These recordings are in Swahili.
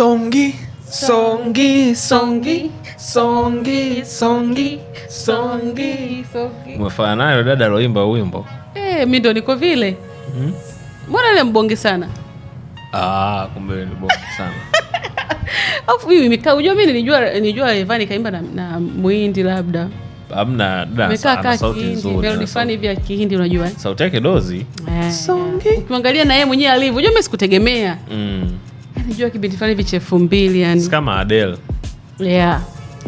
Songi, songi, songi, songi, songi, songi, songi. Umefanya nayo dada aloimba wimbo. Eh, mimi ndo niko vile. Mhm. Mbona ile mbonge sana? Ah, kumbe ni mbonge sana. Alafu mimi nikaa, unajua mimi nilijua nilijua Evani kaimba na, na Muhindi labda. Hamna dada sauti kihindi Melody fulani hivi ya Kihindi unajua. Sauti yake dozi. Eh. Songi. Ukiangalia na yeye mwenyewe alivyo. Unajua mimi sikutegemea. Mhm. Najua kibinti fulani hivi chefu mbili yani. Kama Adele. Yeah.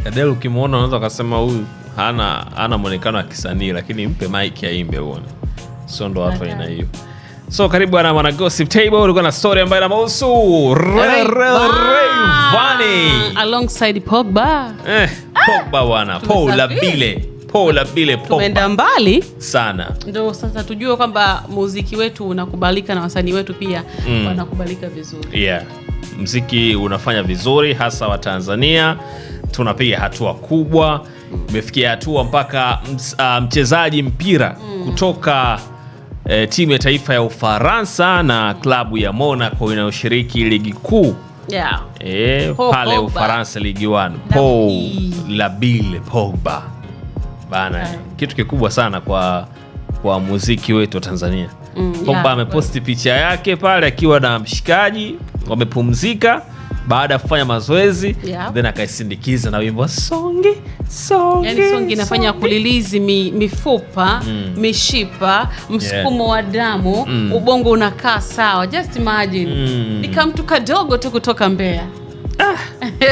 Adele ukimwona unaweza ukasema huyu hana hana mwonekano wa kisanii lakini mpe mic aimbe uone. Sio ndo watu aina hiyo. So karibu ana mwana gossip table ulikuwa na story ambayo inamhusu Rayvanny alongside Pogba. Eh, Pogba bwana, ah, Paul Labile pola vile Tumeenda mbali sana, ndio sasa tujue kwamba muziki wetu unakubalika na wasanii wetu pia mm. wanakubalika vizuri yeah. Mziki unafanya vizuri hasa wa Tanzania, tunapiga hatua kubwa, imefikia hatua mpaka uh, mchezaji mpira mm. kutoka e, timu ya taifa ya Ufaransa na klabu ya Monaco inayoshiriki ligi kuu yeah. e, pale Ufaransa ligi 1 Paul Labille, Pogba bana yeah. Kitu kikubwa sana kwa kwa muziki wetu wa Tanzania mm, kwamba yeah. Ameposti picha yake pale akiwa na mshikaji wamepumzika baada ya kufanya mazoezi yeah. Then akaisindikiza na wimbo songi songi, yani songi inafanya kulilizi mi, mifupa mm. mishipa, msukumo yeah. wa damu mm. ubongo unakaa sawa, just imagine mm. nika kadogo tu kutoka Mbeya ah.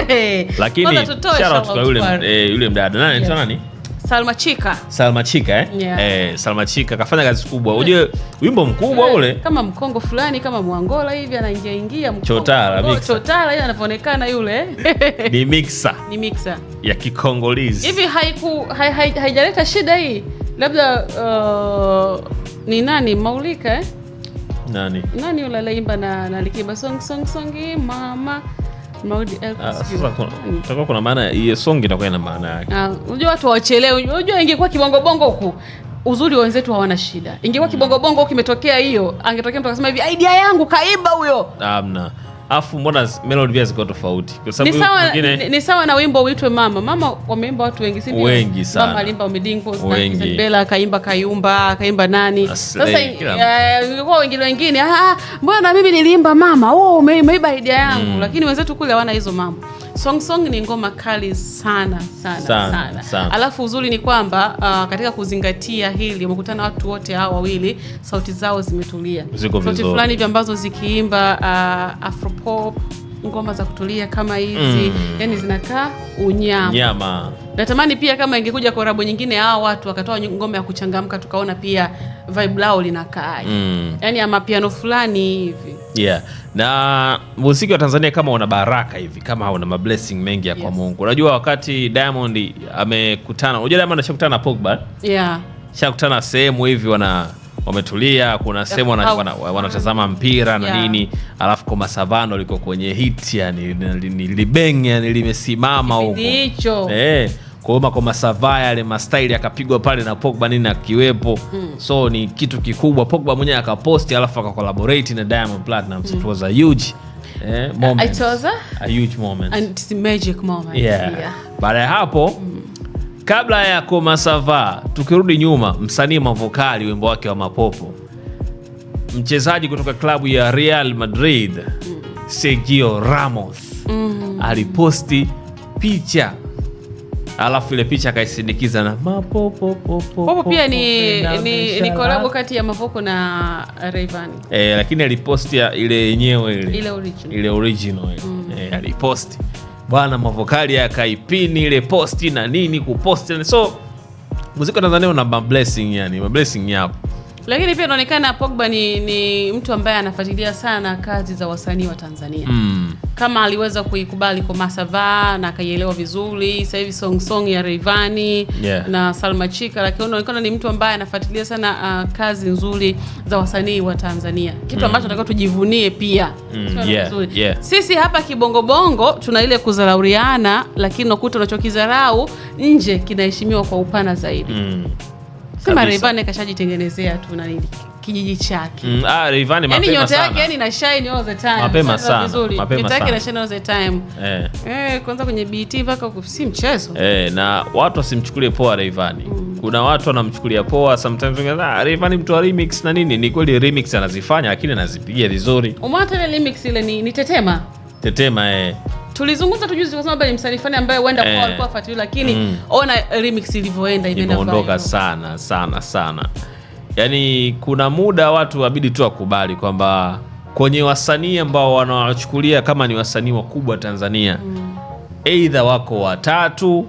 lakini shout out kwa yule eh, yule mdada nani, yeah. nani? Salma Chika. Salma Chika eh? Yeah. Eh, Salma Chika kafanya kazi kubwa. Ujue wimbo mkubwa yeah, ule. Kama Mkongo fulani kama Mwangola hivi anaingia ingia Mkongo. Chotara mix. Chotara yeye anapoonekana yule. Ni mixer. Ni mixer. Ya Kikongolizi. Hivi haiku haijaleta hai, hai, hai shida hii. Labda uh, ni nani Maulika eh? Nani? Nani yule aliimba na, na Likiba song song song mama Eh, ah, utakuwa kuna maana hiyo song itakuwa ina maana yake. Ah, unajua watu wachelewe, unajua ingekuwa kibongobongo huku uzuri wa wenzetu hawana shida. Ingekuwa mm. kibongobongo huku imetokea hiyo, angetokea mtu akasema hivi idea yangu kaiba huyo. Hamna afu mbona melody pia ziko tofauti, kwa sababu nyingine ni sawa na wimbo uitwe mama mama, wameimba watu wengi, si ndio? Wengi sana mama alimba Umidingo, Bella kaimba Kayumba, akaimba nani. Sasa ingekuwa eh, wengine wengine, ah, ah, mbona mimi nilimba mama, oh, umeiba idea yangu, mm. lakini wenzetu kule hawana hizo mambo song song ni ngoma kali sana sana sana, sana. sana. Alafu uzuri ni kwamba uh, katika kuzingatia hili umekutana watu wote hawa wawili, sauti zao zimetulia, sauti fulani hivi ambazo zikiimba uh, afropop ngoma za kutulia kama hizi mm. Yani zinakaa unyama nyama. Natamani pia kama ingekuja korabo nyingine, hawa watu wakatoa ngoma ya kuchangamka, tukaona pia vibe lao linakaa mm. Yani ama piano fulani hivi yeah. Na muziki wa Tanzania kama una baraka hivi, kama una mablessing mengi ya yes. kwa Mungu. Unajua wakati Diamond amekutana, unajua Diamond ashakutana na Pogba yeah. shakutana sehemu hivi wana wametulia, kuna sehemu wanatazama mpira na nini yeah. alafu Koma Savano liko kwenye hit, yani ni libeng, yani limesimama huko eh kwaoma kwa Savano yale mastaili akapigwa pale na Pogba nini akiwepo mm. so ni kitu kikubwa. Pogba mwenyewe akaposti, alafu akakolaborate na Diamond Platnumz it hmm. was a huge eh, moment. It was a huge moment and it's a magic moment. Yeah. Baada ya hapo mm. Kabla ya Komasava, tukirudi nyuma, msanii Mavokali wimbo wake wa Mapopo, mchezaji kutoka klabu ya Real Madrid mm. Sergio Ramos mm. aliposti picha alafu ile picha akaisindikiza na Mapopo. Popo pia ni, ni, ni kolabo kati ya Mavoko na Rayvanny e, lakini aliposti ile yenyewe ile, ile original, ile original. Mm. E, aliposti bwana Mavokali ya kaipini ile posti na nini kuposti, so muziki wa Tanzania una mablessing, yani mablessing yapo lakini pia inaonekana Pogba ni, ni mtu ambaye anafuatilia sana kazi za wasanii wa Tanzania mm. Kama aliweza kuikubali kwa Masava na akaielewa vizuri, sasa hivi song song ya Rayvanny yeah. na Salma Chika, lakini inaonekana ni mtu ambaye anafuatilia sana uh, kazi nzuri za wasanii wa Tanzania, kitu mm. ambacho tunatakiwa tujivunie pia mm. yeah. Yeah. Sisi hapa kibongobongo tuna ile kuzarauriana, lakini unakuta unachokidharau nje kinaheshimiwa kwa upana zaidi mm. Rayvanny kashajitengenezea tu na nini kijiji chake. Mm, ah, Rayvanny yaani mapema yani nyota yake yani na shine all the time. Mapema sana. Mapema sana. Yake na shine all the time. Eh. Eh, kwanza kwenye BT mpaka si mchezo. Eh, na watu wasimchukulie poa Rayvanny. Mm. Kuna watu wanamchukulia poa sometimes wengine ah, Rayvanny mtu wa remix na nini? Ni kweli remix anazifanya lakini anazipigia vizuri. Umeona ile remix ile ni, ni tetema. Tetema eh tulizungumza tu juzi kusema ni msanii fulani ambaye huenda eh, alikuwa afuatiliwi lakini mm, ona remix ilivyoenda imeondoka sana sana sana. Yaani kuna muda watu wabidi tu wakubali kwamba kwenye wasanii ambao wanawachukulia kama ni wasanii wakubwa Tanzania, mm, aidha wako watatu,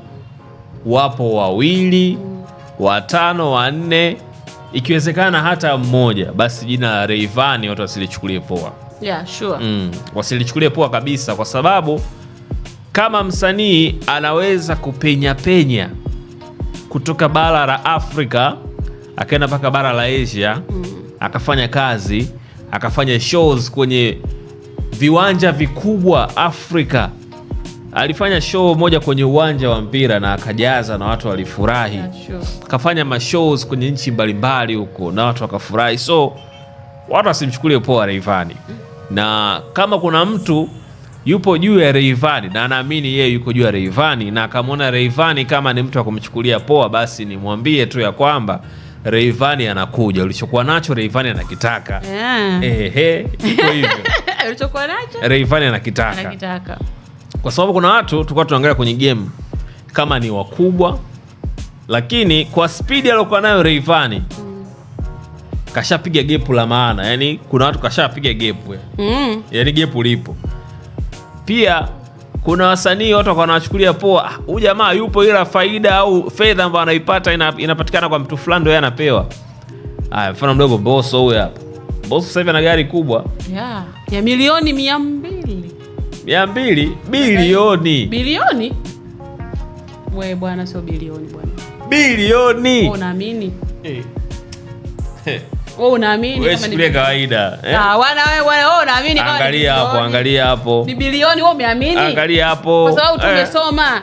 wapo wawili, mm, watano, wanne, ikiwezekana hata mmoja, basi jina la Rayvanny watu wasilichukulie poa. Yeah, sure. Mm, wasilichukulie poa kabisa kwa sababu kama msanii anaweza kupenya penya kutoka bara la Afrika akaenda mpaka bara la Asia mm. akafanya kazi akafanya shows kwenye viwanja vikubwa Afrika. Alifanya show moja kwenye uwanja wa mpira na akajaza na watu walifurahi. Akafanya mashows kwenye nchi mbalimbali huko na watu wakafurahi, so watu wasimchukulie poa Rayvanny, na kama kuna mtu yupo juu ya Rayvanny na anaamini yeye yuko juu ya Rayvanny, na akamwona Rayvanny kama ni mtu wa kumchukulia poa, basi nimwambie tu ya kwamba Rayvanny anakuja, ulichokuwa nacho Rayvanny anakitaka. Yeah. Ehe, iko hivyo ulichokuwa nacho Rayvanny anakitaka, anakitaka kwa sababu kuna watu tulikuwa tunaangalia kwenye game kama ni wakubwa, lakini kwa spidi aliyokuwa nayo Rayvanny kashapiga gepu la maana, yani kuna watu kashapiga gepu, mm. yani gepu lipo pia kuna wasanii watu wakawa wanachukulia poa, huyu jamaa yupo, ila faida au fedha ambayo anaipata ina, inapatikana kwa mtu fulani, ndo yeye anapewa. Aya, mfano mdogo, Boso huyo hapa. Boso sasa hivi ana gari kubwa yeah, ya milioni mia mbili mia mbili bilioni bilioni We bwana, sio bilioni bwana, bilioni. Unaamini? Eh. Eh? Eh. tumesoma.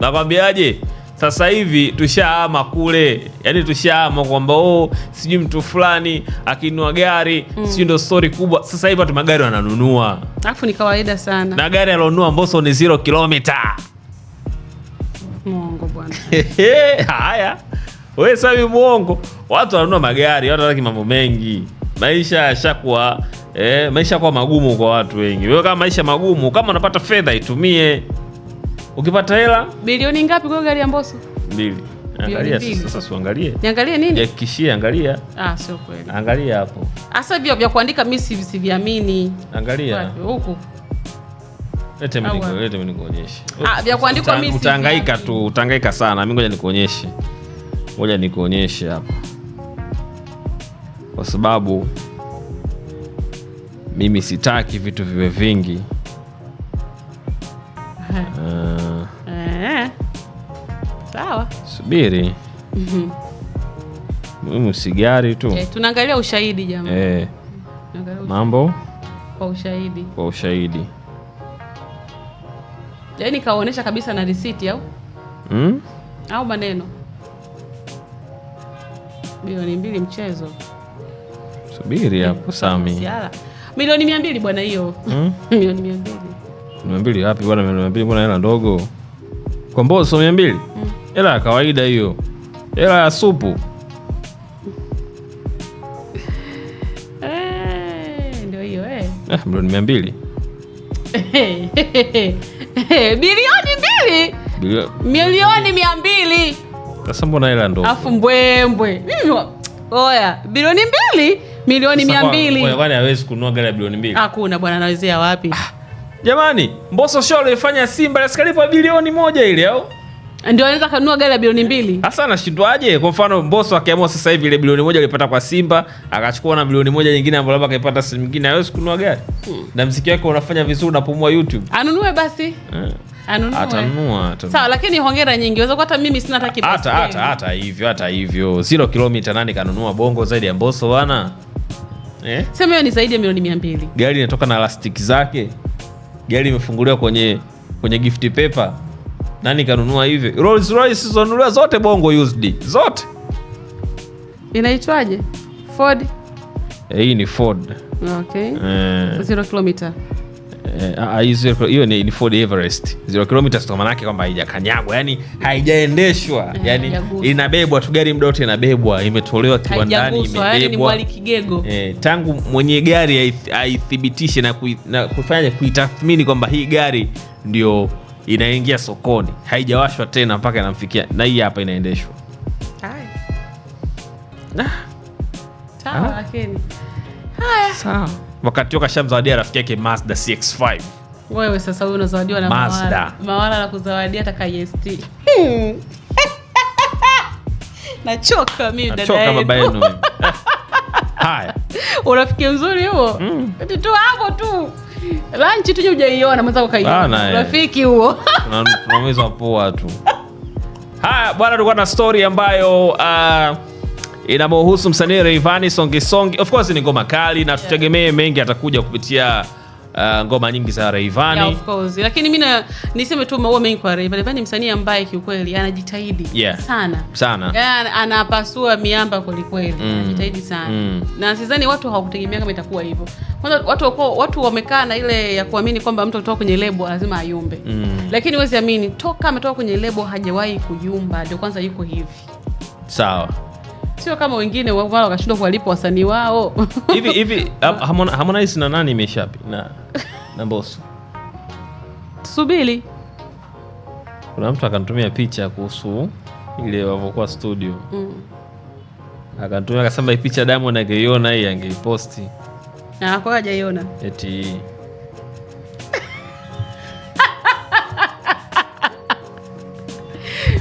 Nakwambiaje? Sasa hivi tushaama kule, yani tushahama kwamba oh, sijui mtu fulani akinua gari mm, sijui ndo stori kubwa. Sasa hivi watu magari wananunua, alafu ni kawaida sana, na gari alionunua Mbosso ni zero kilomita. Mungu bwana. Haya we sasa mwongo, watu wanunua magari, watu wanataka mambo mengi. Maisha yashakuwa eh, maisha kuwa magumu kwa watu wengi. Wewe kama maisha magumu, kama unapata fedha itumie. Ukipata hela bilioni ngapi kwa gari ya Mbosso? Mbili. Angalia sasa, sasa uangalie. Niangalie nini? angalia. Ah, sio kweli. Angalia hapo. hivyo vya kuandika mimi siviamini. Angalia. Huko. Lete mimi nikuonyeshe. Ah, vya kuandika mimi. Utahangaika tu, utahangaika sana. Mimi ngoja nikuonyeshe. Ngoja nikuonyeshe hapa, kwa sababu mimi sitaki vitu viwe vingi. Uh, sawa, subiri muhimu sigari tu eh, tunaangalia ushahidi jamani eh, mambo kwa ushahidi, kwa ushahidi yaani kaonyesha kabisa na risiti au mm? au maneno milioni mbili mchezo. Subiri hapo Sami, milioni mia mbili bwana, hiyo hmm? milioni mia mbili mia mbili wapi bwana? Milioni mia mbili mbona hela ndogo? Kwa mboso mia mbili hmm. hela ya kawaida hiyo, hela ya supu eh, ndio hiyo eh. eh. Milioni mia mbili eh, bilioni mbili milioni mia mbili sasa mbona hela ndo afu mbwembwe hivyo? Oya, bilioni mbili milioni mia mbili kwani hawezi kununua gari ya bilioni mbili? Hakuna bwana, anawezea wapi? Ah, jamani, Mbosso show alifanya Simba lasikalipa bilioni moja ile au ndio anaweza kanunua gari ya bilioni mbili. Hasa anashindwaje? Kwa mfano Mbosso akiamua sasa hivi ile bilioni moja alipata kwa Simba akachukua na bilioni moja nyingine ambayo labda akaipata sehemu nyingine, hawezi kununua gari hmm. na mziki wake unafanya vizuri, unapumua YouTube, anunue basi hmm. Sawa, lakini hongera nyingi. Weza hata mimi sina hata Hata hata hata hivyo, hata hivyo. Zero kilomita nani kanunua bongo zaidi ya Mbosso bwana? Eh? Sema hiyo ni zaidi ya milioni 200. Gari inatoka na elastiki zake. Gari imefunguliwa kwenye kwenye gift paper. Nani kanunua hivyo? Rolls Royce zonunuliwa zote bongo used. Zote. Inaitwaje? Ford. Eh, hii ni Ford. Okay. Eh. Zero kilomita. Eh, ah, ah, hiyo ni Ford Everest zero kilometers, kwa maanake kwamba haijakanyagwa, yani haijaendeshwa, eh, yani inabebwa tu, gari muda wote inabebwa, imetolewa kiwandani, imebebwa eh, tangu mwenye gari aithibitishe na, kui, na kufanya kuitathmini kwamba hii gari ndio inaingia sokoni, haijawashwa tena mpaka inamfikia, na hii hapa inaendeshwa. Ah. Sawa wakati kashamzawadia rafiki yake Mazda CX5. Wewe sasa wewe unazawadiwa na Mazda. Mawala na kuzawadia hata IST. E hmm. Nachoka mimi dada Nachoka baba yenu. Haya. Urafiki mzuri huo. Mm. Tu hapo tu. Lunch tu hujaiona mwanzo kaiona. Eh. Rafiki huo. Tunamwiza pua tu. Haya bwana, tulikuwa na story ambayo uh, inamhusu msanii Rayvanny Songi Songi. Of course ni ngoma kali na tutegemee mengi atakuja kupitia Uh, ngoma nyingi za Rayvanny. Yeah, of course. Lakini mimi niseme tu maua mengi kwa Rayvanny. Rayvanny msanii ambaye kiukweli anajitahidi yeah, sana. Sana. Yeah, anapasua miamba kweli kweli. Mm. Anajitahidi sana. Mm. Na sidhani watu hawakutegemea kama itakuwa hivyo. Kwanza watu wako, watu wamekaa na ile ya kuamini kwamba mtu kutoka kwenye lebo lazima ayumbe. Mm. Lakini wewe siamini toka ametoka kwenye lebo hajawahi kuyumba, ndio kwanza yuko hivi. Sawa. So sio kama wengine wao wakashindwa kuwalipa wasanii wao hivi hivi. Harmonize na nani imeshapi na na Mbosso, tusubiri. Kuna mtu akanitumia picha kuhusu ile wavyokuwa studio mm. Akanitumia akasema, hii picha Diamond angeiona hii angeiposti, na kwa hajaiona eti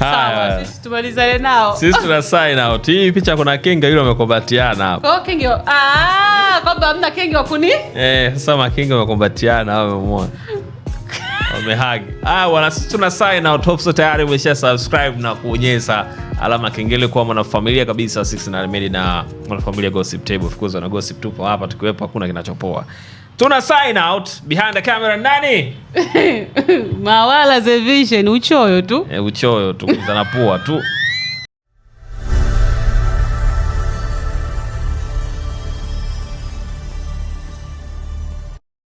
Sawa, sisi tumalizane nao. Sisi tuna sign out. Hii picha kuna kenge yule amekombatiana hapo. Oh, kwa kenge. Ah, kwamba hamna kenge wa kuni? Eh, sasa makenge wamekombatiana hao umemuona. Wamehag. Ah, wana sisi tuna sign out. Hope so tayari umesha subscribe na kuonyesha alama kengele kwa mwanafamilia kabisa 69 Media na mwanafamilia Gossip Table. Of course, na Gossip tupo hapa tukiwepo hakuna kinachopoa. Tuna sign out behind the camera nani? Mawala Zevision uchoyo tu. E, uchoyo tu zanapua tu.